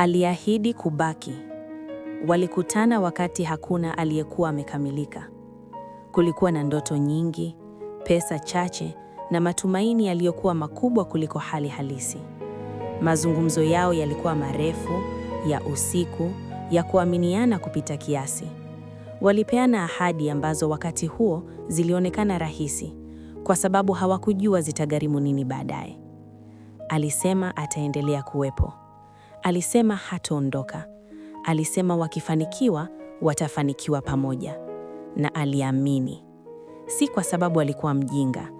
Aliahidi kubaki. Walikutana wakati hakuna aliyekuwa amekamilika. Kulikuwa na ndoto nyingi, pesa chache na matumaini yaliyokuwa makubwa kuliko hali halisi. Mazungumzo yao yalikuwa marefu, ya usiku, ya kuaminiana kupita kiasi. Walipeana ahadi ambazo wakati huo zilionekana rahisi kwa sababu hawakujua zitagharimu nini baadaye. Alisema ataendelea kuwepo. Alisema hataondoka. Alisema wakifanikiwa watafanikiwa pamoja, na aliamini, si kwa sababu alikuwa mjinga,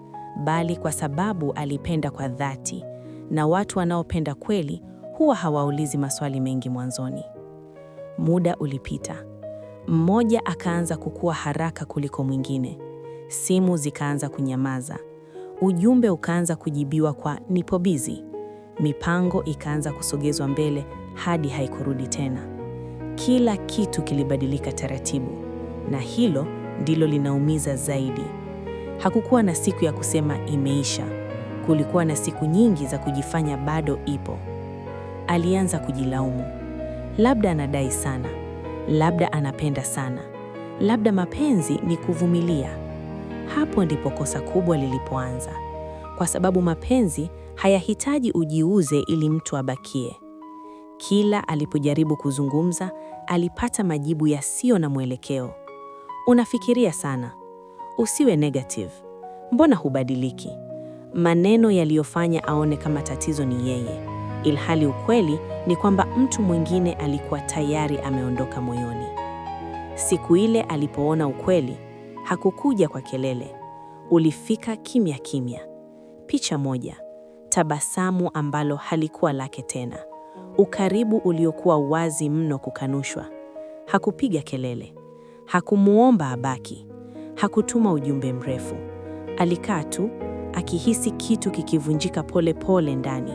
bali kwa sababu alipenda kwa dhati, na watu wanaopenda kweli huwa hawaulizi maswali mengi mwanzoni. Muda ulipita, mmoja akaanza kukua haraka kuliko mwingine. Simu zikaanza kunyamaza, ujumbe ukaanza kujibiwa kwa nipo busy mipango ikaanza kusogezwa mbele hadi haikurudi tena. Kila kitu kilibadilika taratibu, na hilo ndilo linaumiza zaidi. Hakukuwa na siku ya kusema imeisha. Kulikuwa na siku nyingi za kujifanya bado ipo. Alianza kujilaumu, labda anadai sana, labda anapenda sana, labda mapenzi ni kuvumilia. Hapo ndipo kosa kubwa lilipoanza kwa sababu mapenzi hayahitaji ujiuze ili mtu abakie. Kila alipojaribu kuzungumza, alipata majibu yasiyo na mwelekeo. Unafikiria sana. Usiwe negative. Mbona hubadiliki? Maneno yaliyofanya aone kama tatizo ni yeye, ilhali ukweli ni kwamba mtu mwingine alikuwa tayari ameondoka moyoni. Siku ile alipoona ukweli, hakukuja kwa kelele. Ulifika kimya kimya picha moja, tabasamu ambalo halikuwa lake tena, ukaribu uliokuwa wazi mno kukanushwa. Hakupiga kelele, hakumuomba abaki, hakutuma ujumbe mrefu. Alikaa tu akihisi kitu kikivunjika pole pole ndani,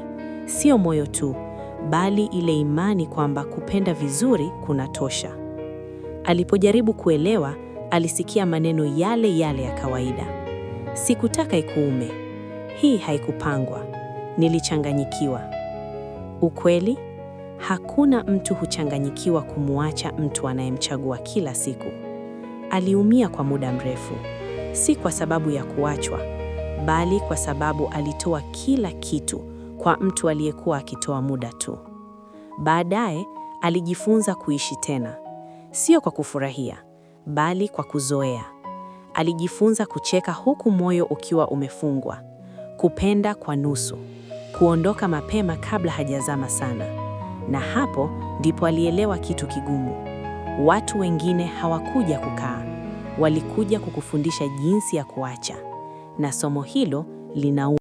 sio moyo tu, bali ile imani kwamba kupenda vizuri kunatosha. Alipojaribu kuelewa, alisikia maneno yale yale ya kawaida, sikutaka ikuume hii haikupangwa, nilichanganyikiwa. Ukweli, hakuna mtu huchanganyikiwa kumwacha mtu anayemchagua kila siku. Aliumia kwa muda mrefu, si kwa sababu ya kuachwa, bali kwa sababu alitoa kila kitu kwa mtu aliyekuwa akitoa muda tu. Baadaye alijifunza kuishi tena, sio kwa kufurahia, bali kwa kuzoea. Alijifunza kucheka huku moyo ukiwa umefungwa kupenda kwa nusu, kuondoka mapema kabla hajazama sana. Na hapo ndipo alielewa kitu kigumu: watu wengine hawakuja kukaa, walikuja kukufundisha jinsi ya kuacha, na somo hilo lina